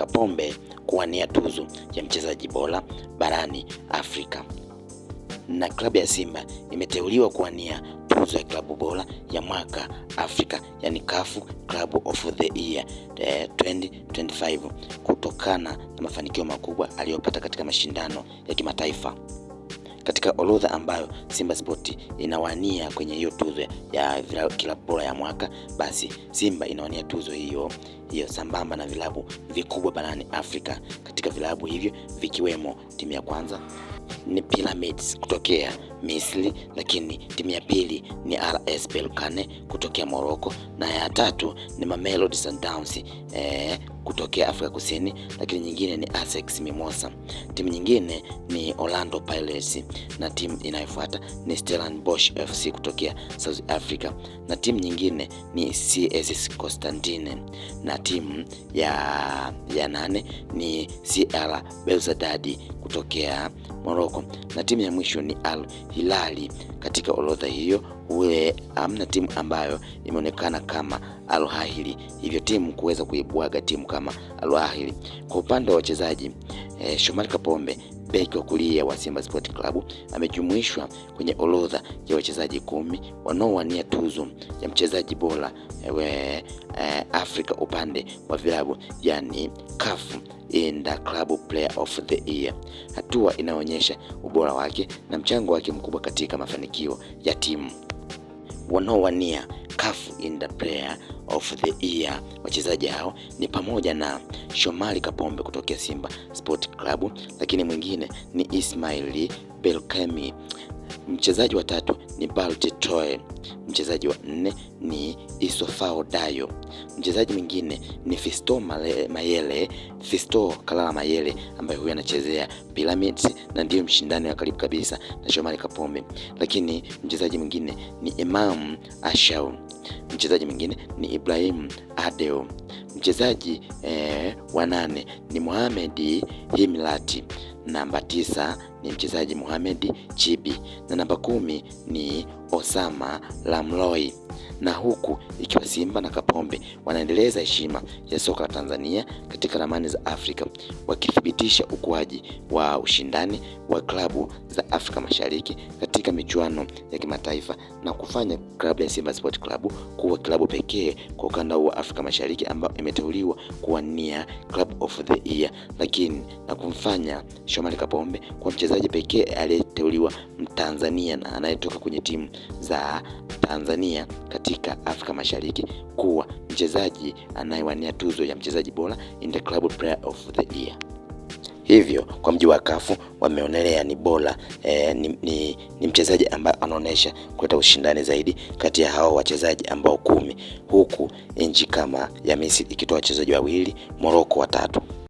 kapombe pombe kuwania tuzo ya mchezaji bora barani Afrika na klabu ya Simba imeteuliwa kuwania tuzo ya klabu bora ya mwaka Afrika, yani CAF Club of the Year 2025 eh, kutokana na mafanikio makubwa aliyopata katika mashindano ya kimataifa katika orodha ambayo Simba Sport inawania kwenye hiyo tuzo ya kilabu bora ya mwaka, basi Simba inawania tuzo hiyo hiyo sambamba na vilabu vikubwa barani Afrika. Katika vilabu hivyo vikiwemo timu ya kwanza ni Pyramids kutokea Misri, lakini timu ya pili ni RS Berkane kutokea Morocco na ya tatu ni Mamelodi Sundowns eh, kutokea Afrika Kusini, lakini nyingine ni Asex Mimosa. Timu nyingine ni Orlando Pirates na timu inayofuata ni Stellenbosch FC kutokea South Africa, na timu nyingine ni CS Constantine, na timu ya, ya nane ni CR Belouizdad kutokea Morocco, na timu ya mwisho ni Al Hilali. Katika orodha hiyo ule amna timu ambayo imeonekana kama Al Ahly, hivyo timu kuweza kuibwaga timu kama kama Al-Ahly. Kwa upande wa wachezaji eh, Shomari Kapombe beki wa kulia wa Simba Sport Club amejumuishwa kwenye orodha ya wachezaji kumi wanaowania tuzo ya mchezaji bora e, Afrika upande wa vilabu yani CAF in the Club Player of the Year. Hatua inayoonyesha ubora wake na mchango wake mkubwa katika mafanikio ya timu. Wanaowania Tough in the Player of the Year. Wachezaji hao ni pamoja na Shomari Kapombe kutokea Simba Sport Club, lakini mwingine ni Ismaili belkemi Mchezaji wa tatu ni Balti Troy. Mchezaji wa nne ni Isofao Dayo. Mchezaji mwingine ni Fisto Male, Mayele Fisto Kalala Mayele ambaye huyu anachezea Pyramids na ndiyo mshindani wa karibu kabisa na Shomari Kapombe, lakini mchezaji mwingine ni Imam Ashau. Mchezaji mwingine ni Ibrahim Adeo. Mchezaji eh, wa nane ni Mohamed Himlati. Namba tisa ni mchezaji Mohamed Chibi na namba kumi ni Osama Lamloi. Na huku ikiwa Simba na Kapombe wanaendeleza heshima ya soka la Tanzania katika ramani za Afrika, wakithibitisha ukuaji wa ushindani wa klabu za Afrika Mashariki katika michuano ya kimataifa na kufanya klabu ya Simba Sport Club kuwa klabu pekee kwa ukanda wa Afrika Mashariki ambayo imeteuliwa kuwania Club of the Year, lakini na kumfanya Shomari Kapombe kuwa mchezaji pekee aliyeteuliwa Mtanzania na anayetoka kwenye timu za Tanzania katika Afrika Mashariki kuwa mchezaji anayewania tuzo ya mchezaji bora in the club player of the year. Hivyo kwa mjibu wa kafu wameonelea ni bora e, ni, ni, ni mchezaji ambaye anaonesha kuleta ushindani zaidi kati ya hao wachezaji ambao kumi, huku nchi kama ya Misri ikitoa wachezaji wawili, moroko watatu.